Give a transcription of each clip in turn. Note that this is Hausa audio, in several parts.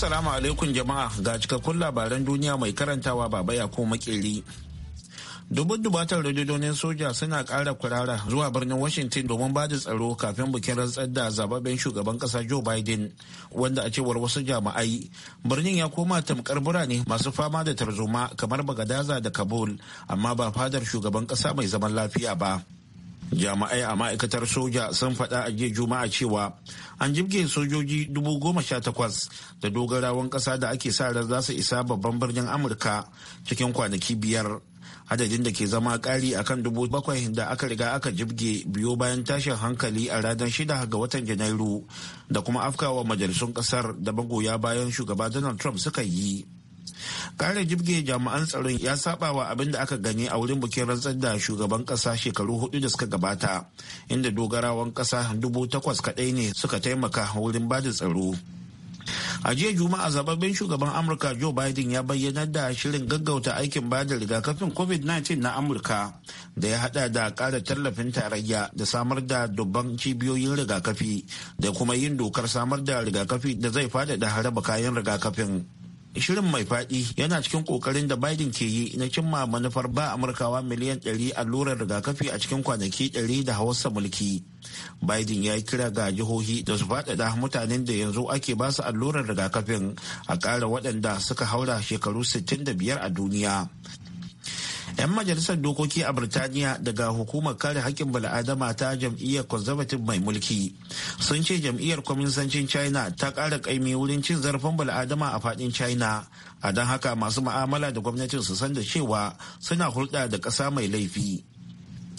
Assalamu alaikum jama'a ga cikakkun labaran duniya mai karantawa baba ya ko makeri. Dubun dubatar rundunonin soja suna ƙara kurara zuwa birnin Washington domin ba da tsaro kafin bikin rantsar da zababben shugaban ƙasa Joe Biden wanda a cewar wasu jama'ai birnin ya koma tamkar birane masu fama da tarzoma kamar Bagadaza da Kabul amma ba fadar shugaban ƙasa mai zaman lafiya ba. jami'ai a ma'aikatar soja sun faɗa a jiya juma'a cewa an jibge sojoji dubu goma sha takwas da dogarawan ƙasa da ake sa ran za su isa babban birnin amurka cikin kwanaki biyar adadin da ke zama ƙari akan dubu bakwai da aka riga aka jibge biyo bayan tashin hankali a ranar shida ga watan janairu da kuma afkawa majalisun ƙasar da magoya bayan shugaba donald trump suka yi kare jibge jami'an tsaron ya saba wa abin da aka gani a wurin bikin rantsar da shugaban kasa shekaru hudu da suka gabata inda dogarawan kasa dubu takwas kadai ne suka taimaka wurin bada tsaro a jiya juma'a zababben shugaban amurka joe biden ya bayyana da shirin gaggauta aikin ba da rigakafin covid-19 na amurka da ya hada da kara tallafin tarayya da samar da dubban cibiyoyin rigakafi da kuma yin dokar samar da rigakafi da zai da haraba kayan rigakafin Shirin mai faɗi yana cikin ƙoƙarin da Biden ke yi na cimma manufar ba Amurkawa miliyan 100 allurar rigakafi a cikin kwanaki 100 da hawarsa mulki. Biden ya yi kira ga jihohi da su faɗaɗa mutanen da yanzu ake ba su allurar rigakafin a ƙara waɗanda suka haura shekaru 65 a duniya. 'yan majalisar dokoki a birtaniya daga hukumar kare haƙƙin bala'adama ta jam'iyyar conservative mai mulki sun ce jam'iyyar kwaminsancin china ta ƙara ƙaimi wurin cin zarafin bala'adama a faɗin china a don haka masu ma'amala da gwamnatin su san da cewa suna hulɗa da ƙasa mai laifi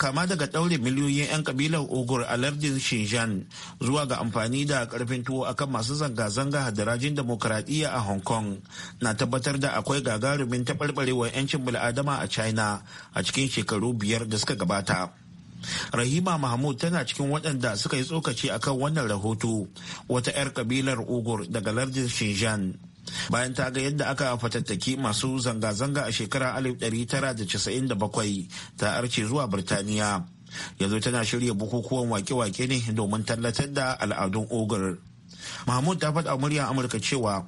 kama daga ɗaure miliyoyin 'yan kabilar ogur a lardin Xinjiang zuwa ga amfani da karfin tuwo akan masu zanga-zanga hadarajin demokuraɗiyya a Hong Kong na tabbatar da akwai gagarumin taɓarɓarewar 'yancin bil'adama a China a cikin shekaru biyar da suka gabata. Rahima Mahmud tana cikin waɗanda suka yi tsokaci akan wannan rahoto wata 'yar kabilar Ugur daga lardin Xinjiang. bayan ta ga yadda aka fatattaki masu zanga-zanga a shekarar 1997 ta arce zuwa birtaniya yanzu tana shirya bukukuwan wake-wake ne domin tallatar da al'adun ogar mahmud ta faɗa murya amurka cewa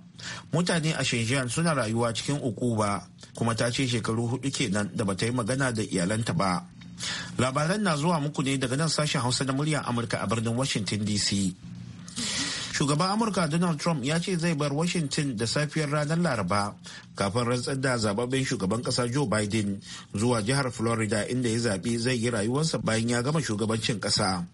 mutane a shenzhen suna rayuwa cikin ukuba kuma ta ce shekaru hudu kenan da ba ta yi magana da iyalanta ba labaran na zuwa muku ne daga nan sashen hausa na muryar amurka a birnin washington dc shugaban amurka donald trump ya ce zai bar washington da safiyar ranar laraba kafin rantsar da zababben shugaban kasa joe biden zuwa jihar florida inda ya zaɓi zai yi rayuwarsa bayan ya gama shugabancin ƙasa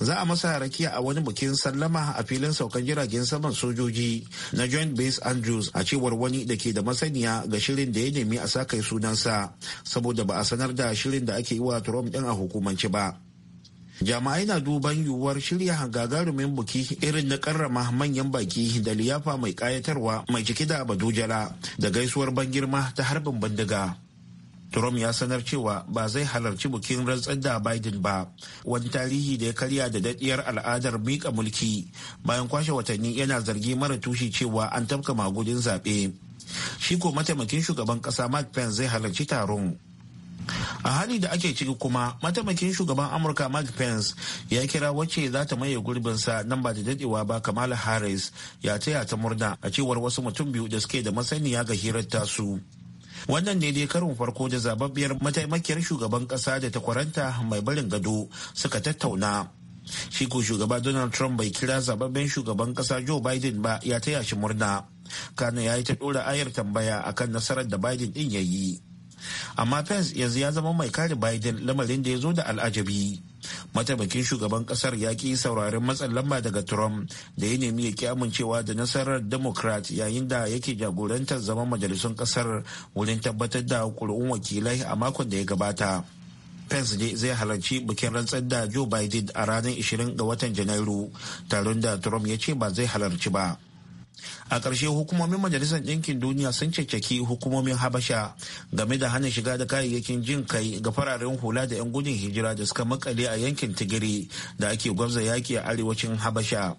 za a masa rakiya a wani bikin sallama a filin saukan jiragen saman sojoji na joint base andrews a cewar wani da ke da masaniya ga shirin da ya nemi a sa kai sunansa saboda ba a sanar da shirin da ake yi wa trump din a hukumance ba jama'ai na duban yiwuwar shirya gagarumin buki irin na karrama manyan baki da liyafa mai kayatarwa mai ciki da abadujala da gaisuwar ban girma ta harbin bindiga Trump ya sanar cewa ba zai halarci bukin rantsar da Biden ba, wani tarihi da ya karya da daɗiyar al'adar miƙa mulki bayan kwashe watanni yana zargi mara tushe cewa an tafka magudin zaɓe. Shi ko mataimakin shugaban ƙasa Mike Pence zai halarci taron. a hali da ake ciki kuma mataimakin shugaban amurka mike pence ya kira wacce za ta maye gurbinsa nan ba da dadewa ba kamala harris ya taya ta murna a cewar wasu mutum biyu da suke da masaniya ga hirar tasu wannan ne dai karin farko da zababbiyar mataimakiyar shugaban kasa da ta kwaranta mai barin gado suka tattauna shi ko shugaba donald trump bai kira zababben shugaban kasa joe biden ba ya taya shi murna kana ya yi ta dora ayar tambaya akan nasarar da biden din ya yi amma pence yanzu ya zama mai kare biden lamarin da ya zo da al'ajabi mataimakin shugaban kasar ya ki saurarin matsan lamba daga trump da ya nemi ya ki amincewa da nasarar democrat yayin da yake jagorantar zama majalisun kasar wurin tabbatar da kuri'un wakilai a makon da ya gabata Pence ne zai halarci bikin rantsar da Joe Biden a ranar 20 ga watan Janairu, taron da Trump ya ce ba zai halarci ba. a ƙarshe hukumomin majalisar ɗinkin duniya sun caccaki hukumomin habasha game da hana shiga da kayayyakin jin kai ga fararen hula da 'yan gudun hijira da suka makale a yankin tigiri da ake gwamza yaki a arewacin habasha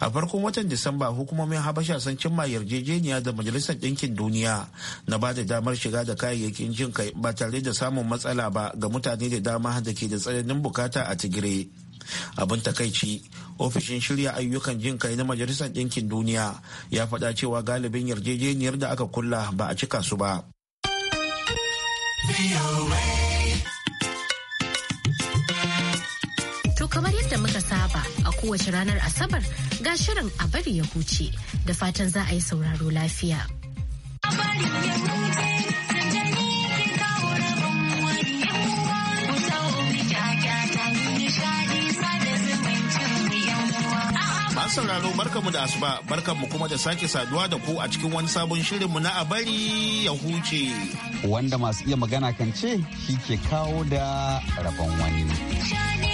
a farkon watan disamba hukumomin habasha sun cimma yarjejeniya da majalisar ɗinkin duniya na ba da damar shiga da kayayyakin jin kai ba tare da samun matsala ba ga mutane da dama da ke da tsananin bukata a tigire abin takaici ofishin shirya ayyukan jin kai na majalisar ɗinkin duniya ya faɗa cewa galibin yarjejeniyar da aka kulla ba a cika su ba To kamar yadda muka saba a kowace ranar Asabar ga shirin a bari ya huce da fatan za a yi sauraro lafiya. sauraro barkamu da asuba barkamu kuma da sake saduwa da ku a cikin wani sabon shirin mu na a bari ya huce. Wanda masu iya magana kan ce shi ke kawo da rabon wani.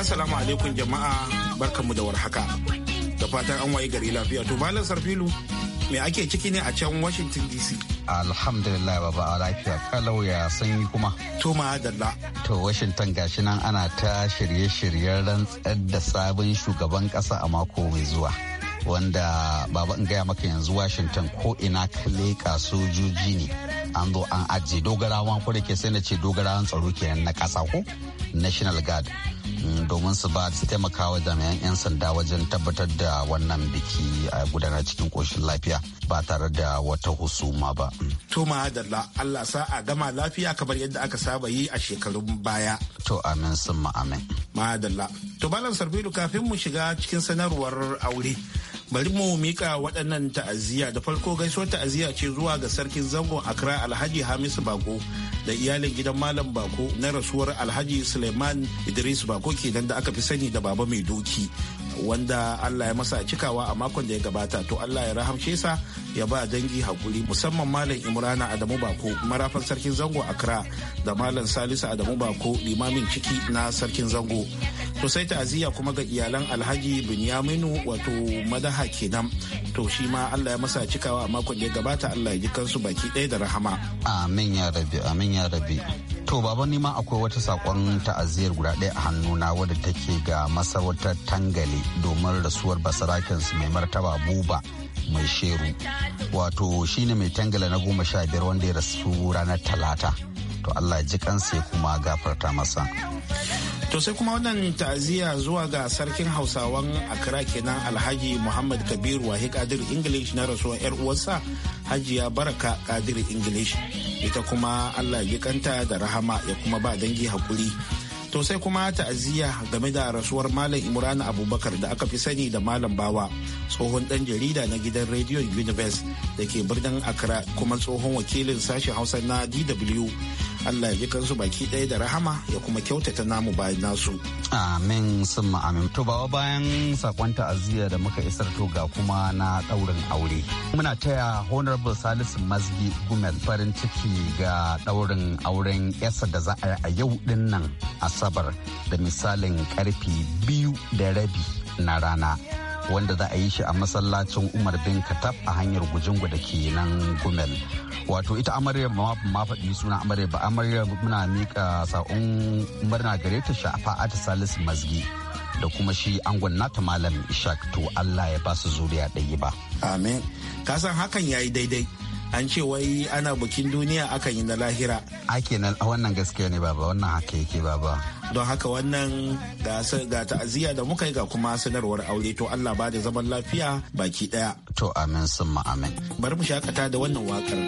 assalamu alaikum jama'a barkanmu da warhaka. Da fatan an waye gari lafiya to malam Sarfilu me ake ciki ne a can Washington DC. Alhamdulillah baba a lafiya kalau ya sanyi kuma. To ma dalla. To Washington gashi nan ana ta shirye-shiryen rantsar da sabon shugaban kasa a mako mai zuwa. Wanda baba in gaya maka yanzu Washington ko ina leka sojoji ne. An zo an ajiye dogarawan ko ke sai na ce dogarawan tsaro kenan na kasa ko National Guard. domin su ba su taimakawa jami'an 'yan sanda wajen tabbatar da wannan biki a gudanar cikin koshin lafiya ba tare da wata husuma ba. To madalla Allah sa a gama lafiya kamar yadda aka saba yi a shekarun baya. To amin sun amin. Madalla. To balan sarfilu kafin mu shiga cikin sanarwar aure. bari mu mika waɗannan ta'aziyya da farko gaisuwar ta'aziyya ce zuwa ga sarkin zangon Accra Alhaji Hamisu Bako da iyalin gidan Malam Bako na rasuwar Alhaji Suleiman Idris Bako kenan da aka fi sani da Baba Mai Doki wanda Allah ya masa cikawa a makon da ya gabata to Allah ya rahamce sa ya ba dangi hakuri musamman Malam Imrana Adamu Bako marafan sarkin zango Accra da Malam Salisu Adamu Bako limamin ciki na sarkin zango to sai ta'aziyya kuma ga iyalan Alhaji Binyaminu wato madaha kenan to shi ma Allah ya masa cikawa a makon da ya gabata Allah ya ji kansu baki ɗaya da rahama amin ya rabi amin ya rabi To baban nima akwai wata sakon ta'aziyar guda ɗaya a hannu na wadda take ga masarautar Tangale domin rasuwar basarakinsu mai martaba Buba mai sheru. Wato shine mai Tangale na goma sha biyar wanda ya rasu ranar Talata. To Allah ji kansa ya kuma gafarta masa. To sai kuma wannan ta'aziyya zuwa ga sarkin Hausawan Akira kenan Alhaji Muhammad kabiru Wahi Kadir English na rasuwar yar uwarsa Hajiya Baraka Kadir English. Ita kuma Allah ya kanta da rahama ya kuma ba dangi hakuri. To sai kuma ta'aziyya game da rasuwar Malam Imran Abubakar da aka fi sani da Malam Bawa, tsohon dan jarida na gidan Radio Universe da ke birnin Akira kuma tsohon wakilin sashen Hausa na DW. Allah ya ji kansu baki ɗaya da rahama ya kuma kyautata namu bayan nasu. Amin sun amin. To bawa bayan sakon ta'aziyya da muka isar to ga kuma na ɗaurin aure. Muna taya Honorable Salisu Mazgi Gumel farin ciki ga ɗaurin auren yasa da za a yi a yau ɗin nan Asabar da misalin karfe biyu da rabi na rana. wanda za a yi shi a masallacin umar bin katab a hanyar gujingu da ke nan gumel wato ita amaryar ma faɗi suna amaryar ba amaryar muna mika sa'un murna gare ta shafa ta salisu mazgi da kuma shi angon nata malam ishak to allah ya ba su zuriya ɗaya ba amin kasan hakan ya yi daidai an ce wai ana bikin duniya akan yi na lahira a kenan wannan gaskiya ne baba wannan haka yake baba don haka wannan ga ta'aziyya da muka yi ga kuma sanarwar aure to allah ba da zaman lafiya baki daya to amin sun amin bari mu shakata da wannan wakar.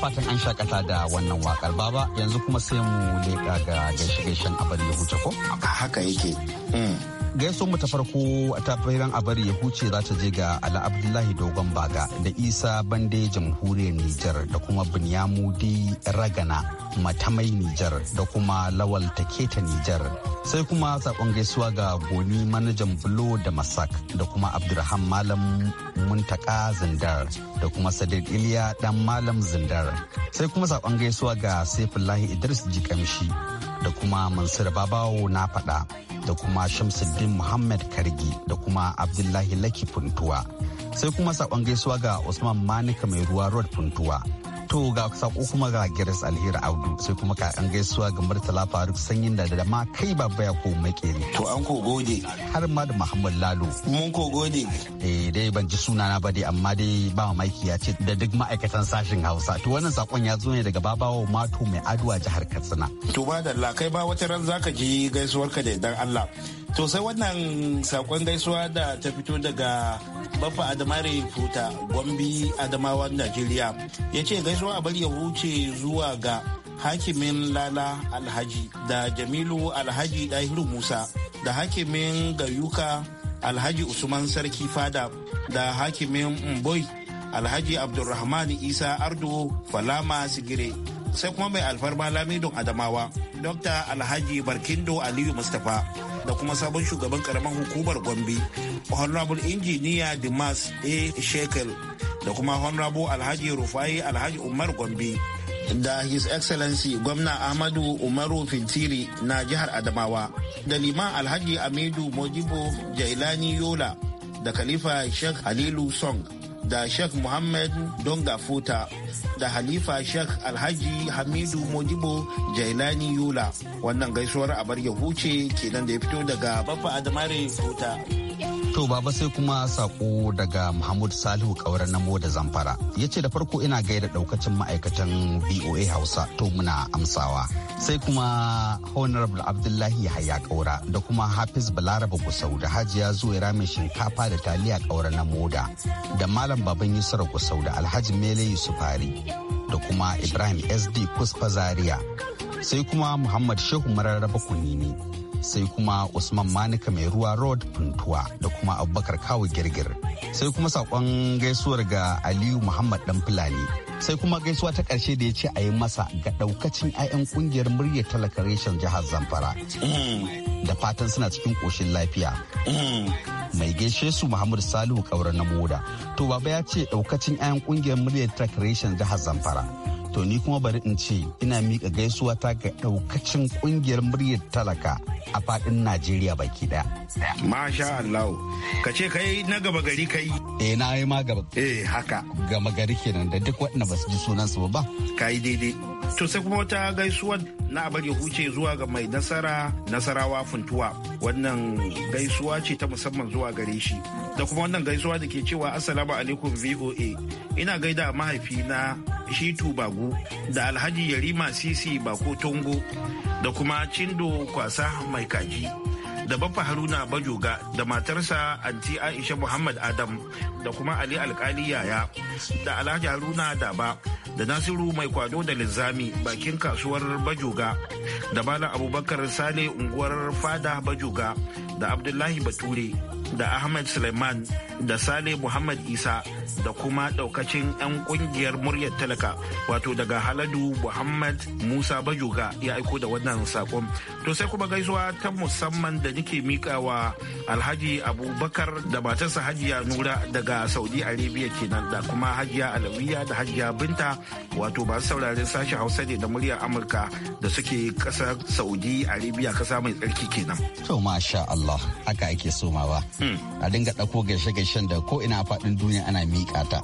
fatan an shakata da wannan wakar baba yanzu kuma sai mu leƙa ga gaishe-gaishen abar ya huce ko? Haka yake. Hmm. gaiso mu ta farko ta firan a bari ya huce za ta je ga Ala Abdullahi Dogon Baga da Isa Bande Jamhuriyar Nijar da kuma Binyamudi Ragana Matamai Nijar da kuma Lawal Taketa Nijar. Sai kuma sakon gaisuwa ga Goni manajan Bulo da Masak da kuma Abdulrahman Malam Muntaka Zindar da kuma Sadiq Iliya dan Malam Zindar. Sai kuma sakon gaisuwa ga Saifullahi Idris Jikamshi da kuma Mansur Babawo na faɗa. da kuma Shamsuddin Muhammad Kargi da kuma Abdullahi Laki Funtuwa. Sai kuma saƙon gaisuwa ga Usman Manika mai ruwa Road Funtuwa To ga sako kuma ga Giris Alheri Audu sai kuma ka an gaisuwa ga Murtala Faruk Sanyin da da ma kai baba ya ko makeri. To an ko gode. Har ma da Muhammad Lalo. Mun ko gode. Eh dai ban ji sunana ba dai amma dai ba mamaki ya ce da duk ma'aikatan sashin Hausa. To wannan sakon ya zo ne daga babawa mato mai aduwa jihar Katsina. To ba da kai ba wata ran zaka ji gaisuwarka da idan Allah. to sai wannan sakon gaisuwa da ta fito daga Bafa adamare futa gombi adamawan najeriya ya ce gaisuwa a bari ya wuce zuwa ga hakimin lala alhaji da jamilu alhaji dahiru musa da hakimin gayuka alhaji usman sarki fada da hakimin mboi alhaji abdulrahman isa ardo falama sigire sai kuma mai alfarma lamidon adamawa dr alhaji barkindo aliyu mustapha da kuma sabon shugaban karamar hukumar gombe honorable injiniya dimas a shekel da kuma honorable alhaji rufai alhaji umar gombe da his excellency gwamna ahmadu umaru fintiri na jihar adamawa da liman alhaji amidu mojibo jailani yola da khalifa sheikh halilu song da sheikh muhammad dongafuta da halifa sheikh alhaji hamidu modibo jailani yula wannan gaisuwar abar ya huce kenan da ya fito daga Baffa adamare futa. To baba sai kuma sako daga Muhammad Salihu Kaura na Moda Zamfara. Ya ce da farko ina gaida daukacin ma'aikatan BOA Hausa to muna amsawa. Sai kuma Honorable Abdullahi Yahaya Kaura da kuma Hafiz Balaraba Gusau da Hajiya Zuwaira mai shinkafa da taliya Kaura na Moda da Malam Baban Yusra Gusau da Alhaji Mele Yusufari da kuma Ibrahim SD Kusfa Zaria. Sai kuma Muhammad Shehu Mararraba Kunini. sai kuma Usman Manika mai ruwa Road Puntuwa da kuma Abubakar Kawu Girgir. Sai kuma saƙon gaisuwar ga Aliyu Muhammad Dan Fulani. Sai kuma gaisuwa ta ƙarshe da ya ce a yi masa ga ɗaukacin 'ya'yan ƙungiyar murya talaka jihar Zamfara. Da fatan suna cikin ƙoshin lafiya. Mai gaishe su Muhammad Salihu Kaura na Moda. To baba ya ce ɗaukacin 'ya'yan ƙungiyar murya talaka jihar Zamfara. to ni kuma bari in ce ina miƙa gaisuwa ta ga ɗaukacin ƙungiyar muryar talaka a faɗin najeriya baki ɗaya. masha Allah. ka ce kai na gaba gari kai eh na yi ma gaba eh haka gama gari kenan da duk waɗanda ba su ji sunan su ba ka yi daidai To sai kuma wata gaisuwar na abar ya huce zuwa ga mai nasara nasarawa funtuwa wannan gaisuwa ce ta musamman zuwa gare shi da kuma wannan gaisuwa da ke cewa assalamu alaikum voa ina gaida mahaifi na shitu bagu da alhaji yarima sisi bako tongo da kuma cindo kwasa mai kaji da Baffa Haruna Bajoga da matarsa Anti Aisha Muhammad Adam da kuma Ali Alkali Yaya da Alhaji Haruna Daba da Nasiru Mai Kwado da Linzami bakin kasuwar Bajoga da Malam Abubakar Sale unguwar Fada Bajoga da Abdullahi Bature da Ahmed Suleiman da Sale Muhammad Isa da kuma daukacin 'yan kungiyar muryar talaka wato daga Haladu Muhammad Musa Bajoga ya aiko da wannan sakon. To sai kuma gaisuwa ta musamman da nake mikawa Alhaji Abubakar da matarsa Hajiya Nura daga Saudi Arabia kenan da kuma Hajiya Alawiya da Hajiya Binta wato ba sauraren sashi Hausa ne da muryar Amurka da suke kasar Saudi Arabia kasa mai tsarki kenan. To masha Allah haka ake somawa. a dinga ɗauko gaishe-gaishen da ko ina faɗin duniya ana miƙa ta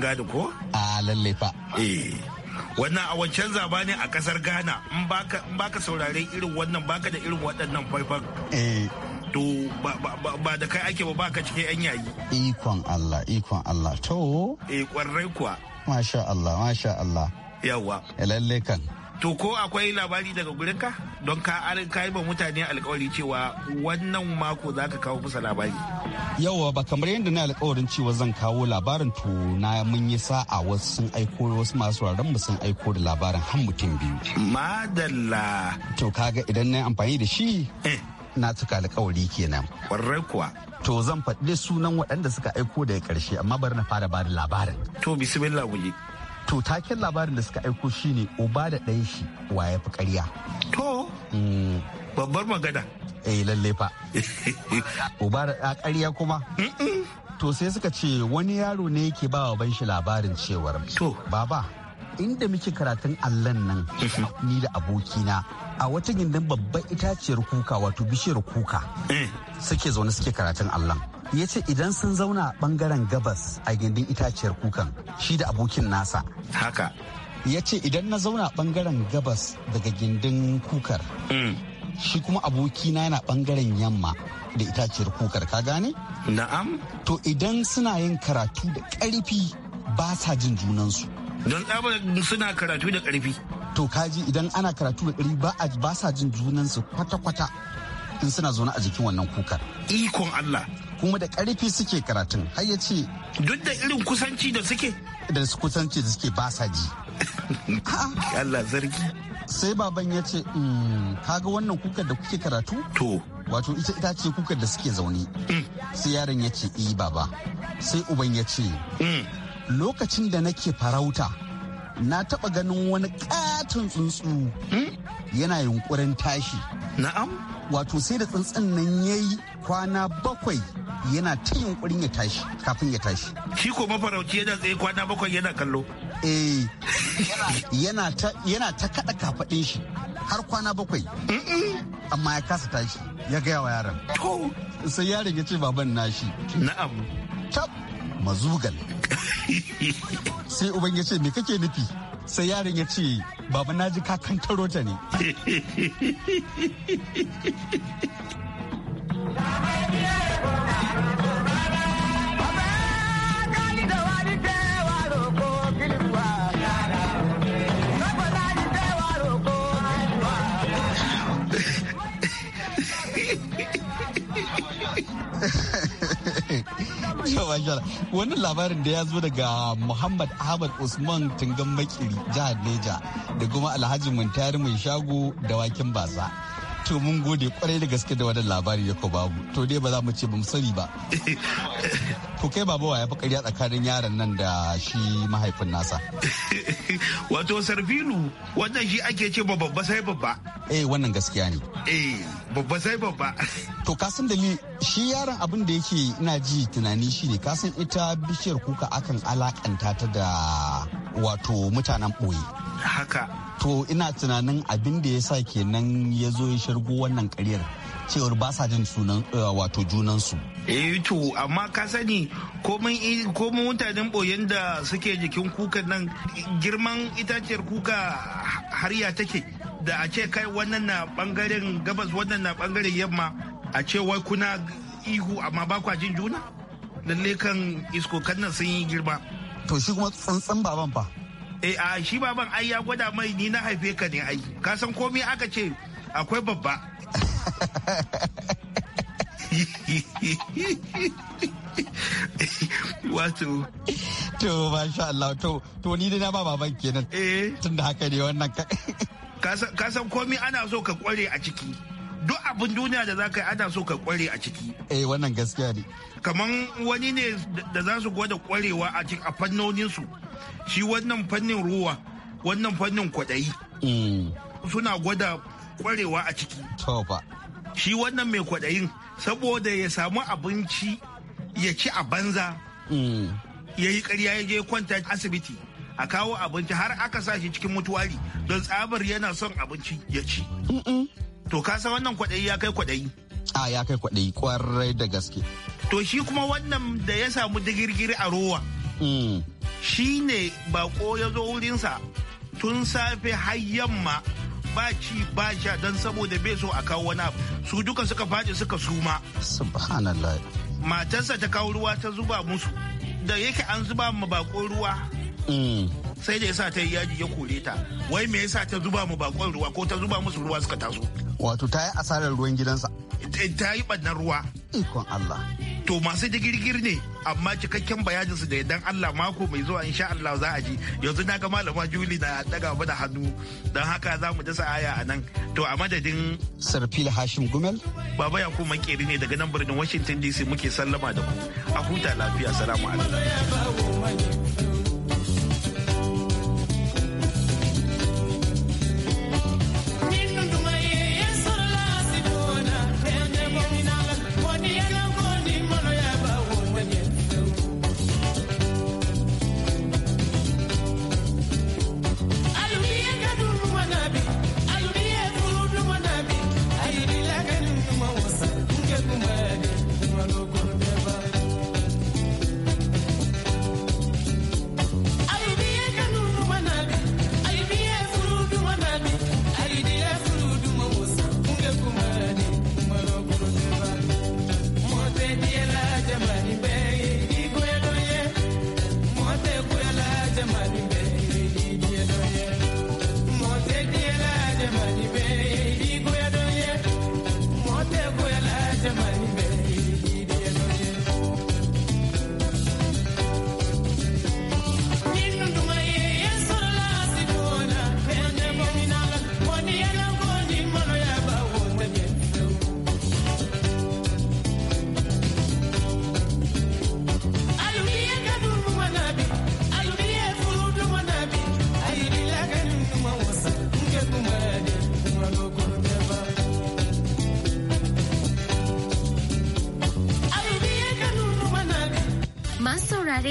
yakin gani ko a lalle fa eh wannan a wancan zaba ne a kasar ghana in baka saurare irin wannan baka da irin waɗannan faifan eh. to ba da kai ake ba baka cike yan yayi ikon allah ikon allah to eh kwarai kuwa masha allah masha allah yawa eh, lalle kan To ko akwai labari daga gurinka? Don ka arin kayi ba mutane alkawari cewa wannan mako za ka kawo musu labari. Yawa ba kamar yadda na alkawarin cewa zan kawo labarin to na mun yi sa'a wasu sun aiko wasu masu wararen mu sun aiko da labarin har mutum biyu. Madalla. To kaga idan na amfani da shi. Eh. na cika alkawari kenan. Kwarai kuwa. To zan faɗi sunan waɗanda suka aiko daga ƙarshe amma bari na fara bada labarin. To bismillah guje. to taken labarin da suka aiko shine uba da ɗaya shi wa ya fi ƙarya to mm. babbar magana eh lalle fa uba da ƙarya kuma to sai suka ce wani yaro ne yake ba wa shi labarin cewar to baba inda muke karatun allon nan mm-hmm. ni da abokina a wata gindin babban itaciyar kuka wato bishiyar kuka eh. suke zaune suke karatun allah ya ce idan sun zauna bangaren gabas a gindin itaciyar kukan shi da abokin nasa haka ya ce idan na zauna bangaren gabas daga gindin kukar hmm. shi kuma abokina yana bangaren yamma da itaciyar kukar ka gane? na'am to idan suna yin karatu da karfi ba sa jin junansu don suna karatu da karfi. to kaji idan ana karatu da ɗari ba a ba sa jin junansu kwata-kwata in suna zaune a jikin wannan kukar. Ikon Allah. Kuma da ƙarfi suke karatun har ya ce. Duk da irin kusanci da suke. Da su kusanci da suke ba sa ji. Allah zargi. Sai baban ya ce, mm, kaga wannan kukar da kuke karatu? To. Wato ita ita ce kukar da suke zaune. Mm. Sai yaron ya ce, i eh, baba. Sai uban ya ce, mm. lokacin da nake farauta. na taba ganin wani katin tsuntsu hmm? yana yunkurin tashi na'am wato sai da tsuntsun nan yi kwana bakwai yana ta yunkurin ya tashi kafin ya tashi shi ko mafarauci yana tsaye kwana bakwai yana kallo eh yana ta kada kafadin shi har kwana bakwai amma ya kasa tashi ya gaya wa yaron sai yaron ya ce baban nashi na'am tab mazugal sai uban ya ce me kake nufi sai yaron ya ce baba na ji ka kantaro ta ne Wani labarin da ya zo daga Muhammad Ahmad Usman Tungan Makiri jihar Neja da kuma Alhaji Muntari mai shago da wakin basa. to mun gode kwarai da gaske da wannan labari ya babu to dai ba za mu ce ba mu sani ba to kai baba wa ya fi karya tsakanin yaron nan da shi mahaifin nasa wato sarfinu wannan shi ake ce ba babba sai babba eh wannan gaskiya ne eh babba sai babba to kasan ni shi yaron abin da yake ina ji tunani shi ne kasan ita bishiyar kuka akan alakanta ta da wato mutanen ɓoye haka to ina tunanin abin da ya sa kenan ya zo ya shirgo wannan karyar cewar ba sa jin sunan eh, wato junansu. eh to amma ka sani komai mutanen boyen da suke jikin kukan nan girman itaciyar kuka har ya take da a ce kai wannan na bangaren gabas wannan na bangaren yamma a ce wai kuna ihu amma ba kwa jin juna lalle kan iskokan nan sun yi girma to shi kuma tsantsan baban fa eh a shi baban ai ya gwada mai ni na haife ka ne ai ka san komai aka ce akwai babba wato to masha Allah to to ni dai na ba baban kenan eh da haka ne wannan ka san komi ana so ka kware a ciki duk abin duniya da za ka yi ana so ka kware a ciki eh wannan gaskiya ne kaman wani ne da za su gwada kwarewa a cikin a fannoninsu. shi wannan fannin ruwa wannan fannin kwaɗayi mm. suna gwada kwarewa a ciki to shi wannan mai kwaɗayin saboda ya samu abinci ya ci a banza mm. ya yi karya ya je kwanta asibiti a kawo abinci har aka sa shi cikin mutuwari don tsabar yana son abinci ya ci to kasa wannan kwaɗayi ya kai kwaɗayi a ya kai kwaɗayi kwarai da gaske to shi kuma wannan da ya samu digirgiri a rowa mm. shi ne bako ya zo wurinsa tun safe har yamma ba ci ba sha don saboda bai so a kawo wani abu su duka suka faɗi suka suma subhanallah matarsa ta kawo ruwa ta zuba musu da yake an zuba ma bako ruwa mm. sai da yasa ta yi yaji ya kore ta wai me yasa ta zuba mu bakon ruwa ko ta zuba musu ruwa suka taso wato ta yi asarar ruwan gidansa ta yi ɓannan ruwa ikon Allah to masu digirgir ne amma cikakken bayanin su da idan Allah mako mai zuwa insha Allah za a ji yanzu na ga malama Juli na daga mu da hannu don haka za mu dasa aya a nan to a madadin Sarfil Hashim Gumel baba ya kuma makeri ne daga nan birnin Washington DC muke sallama da ku a huta lafiya salamu alaikum